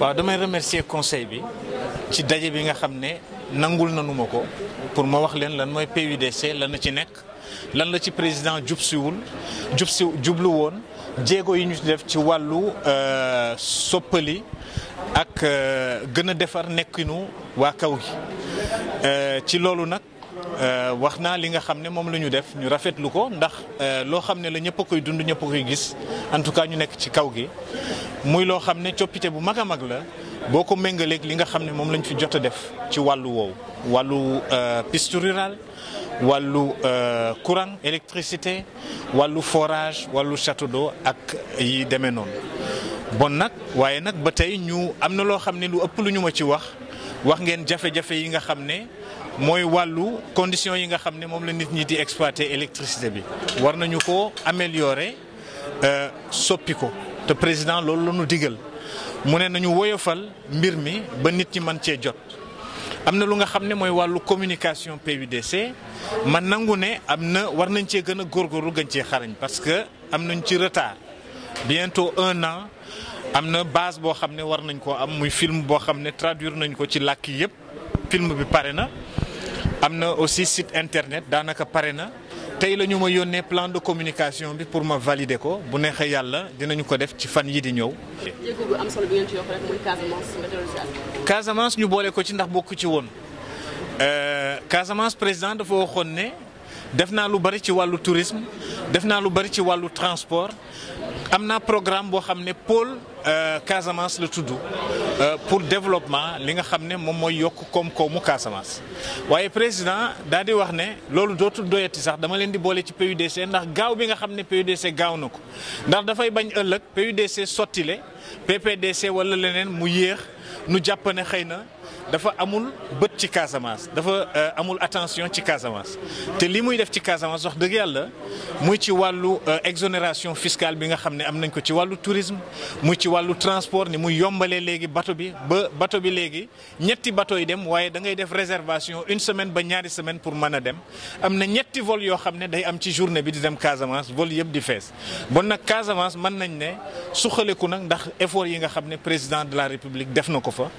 waaw damay remercier conseil bi ci daje bi nga xam ne nangul nanu ma ko pour ma wax leen lan mooy PUDC lan la ci nekk lan la ci président jub siwul jub jublu woon jéego yi ñu def ci wàllu euh, soppali ak euh, gën a defar nekkinu waa kaw gi euh, ci loolu nag. Euh, wax naa li nga xam ne moom la ñu def ñu rafetlu ko ndax euh, loo xam ne la ñëpp koy dund ñëpp a koy gis en tout cas ñu nekk ci kaw gi muy loo xam ne coppite bu mag a mag la boo ko méngaleeg li nga xam ne moom lañ fi jot a def ci wàllu woowu wàllu euh, piste rurale wàllu courant électricité wàllu forage wàllu château d'eau ak yi demee noonu bon nag waaye nag ba tey ñu am na loo xam ne lu ëpp lu ñu ma ci wax. wax ngeen jafe-jafe yi nga xam ne mooy wàllu conditions yi nga xam ne moom la nit ñi di exploiter électricité bi war nañu ko améliorer euh, soppi ko te président loolu la ñu mu ne nañu woyofal mbir mi ba nit ñi mën cee jot. am na lu nga xam ne mooy wàllu communication PUDC man nangu ne am na war nañ cee gën a góorgóorlu gën cee xarañ parce que am nañ ci retard. bien bientôt un an am na base boo xam ne war nañ ko am muy film boo xam ne traduire nañ ko ci làkk yëpp film bi pare na am na aussi site internet daanaka pare na tey la ñu ma yónnee plan de communication bi pour ma valider ko bu neexee yàlla dinañu ko def ci fan yi di ñëw. jéego bu am Casamance ñu boole ko ci ndax bokk ci woon euh, Casamance président dafa waxoon ne def naa lu bari ci wàllu tourisme def naa lu bari ci wàllu transport am naa programme boo xam ne pôle euh, Casamance la tudd euh, pour développement li nga xam ne moom mooy yokk koom-koomu Casamance waaye président daal di wax ne loolu dootul doyati sax dama leen di boole ci PUDC ndax gaaw bi nga xam ne PUDC gaaw na ko ndax dafay bañ ëllëg PUDC sottile PPDC wala leneen mu yéex nu jàpp ne xëy na. dafa amul bët ci Casamance dafa euh, amul attention ci Casamance te li muy def ci Casamance wax dëgg yàlla muy ci wàllu euh, exonération fiscale bi nga xam ne am nañ ko ci wàllu tourisme muy ci wàllu transport ni muy yombalee léegi bato bi ba bato bi léegi ñetti bato yi dem waaye dangay def réservation une semaine ba ñaari semaine pour mën a dem am na ñetti vol yoo xam ne day am ci journée bi di dem Casamance vol yëpp di fees bon nag Casamance mën nañ ne suqaleku nag ndax effort yi nga xam ne président de la République def na ko fa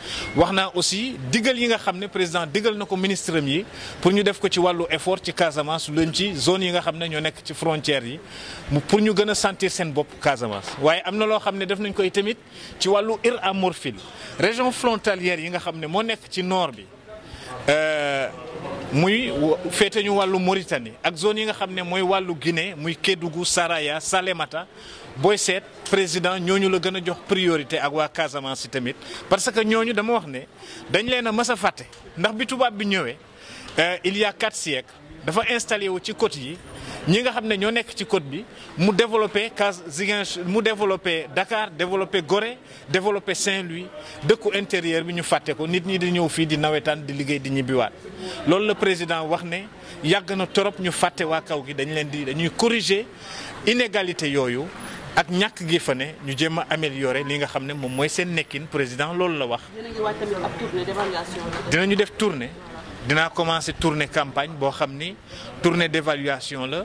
digal yi nga xam ne président digal na ko ministre am yi pour ñu def ko ci wàllu effort ci Casamance luñ ci zone yi nga xam ne ñoo nekk ci frontières yi pour ñu gën a sentir seen bopp Casamance waaye am na loo xam ne def nañ koy tamit ci wàllu ir à morphile région frontalière yi nga xam ne moo nekk ci noor bi euh, muy féete ñu wàllu Mauritanie ak zone yi nga xam ne mooy wàllu Guinée muy Kédougou Saraya Salémata booy seet président ñooñu la gën a jox priorité ak waa Casamance si tamit parce que ñooñu dama wax ne dañ leen a mës a fàtte ndax bi tubaab bi ñëwee euh, il y a quatre dafa installé wu ci côte yi ñi nga xam ne ñoo nekk ci côte bi mu développé Cas Ziguinchor mu développé Dakar développé gore développé Saint-Louis dëkku intérieur bi ñu fàtte ko nit ñi di ñëw fii di nawetaan di liggéey di ñibbiwaat loolu la président wax ne yàgg na trop ñu fàtte waa kaw gi dañ leen di dañuy corriger inégalité yooyu ak ñàkk gi fa ne ñu jéem a améliorer li nga xam ne moom mooy seen nekkin président loolu la wax. dinañu def tournée. dinaa commencer tournée campagne boo xam ni tournée d'évaluation la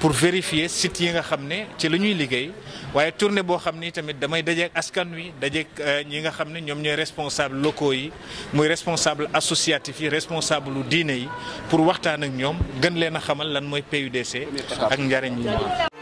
pour vérifier sites yi nga xam ne ci la ñuy liggéey waaye tournée boo xam ni tamit damay dajeek askan wi dajeek euh, ñi nga xam ne ñoom ñooy responsable locaux yi muy responsable associatif yi responsable lu diine yi pour waxtaan ak ñoom gën leen a xamal lan mooy PUDC ak njariñ yi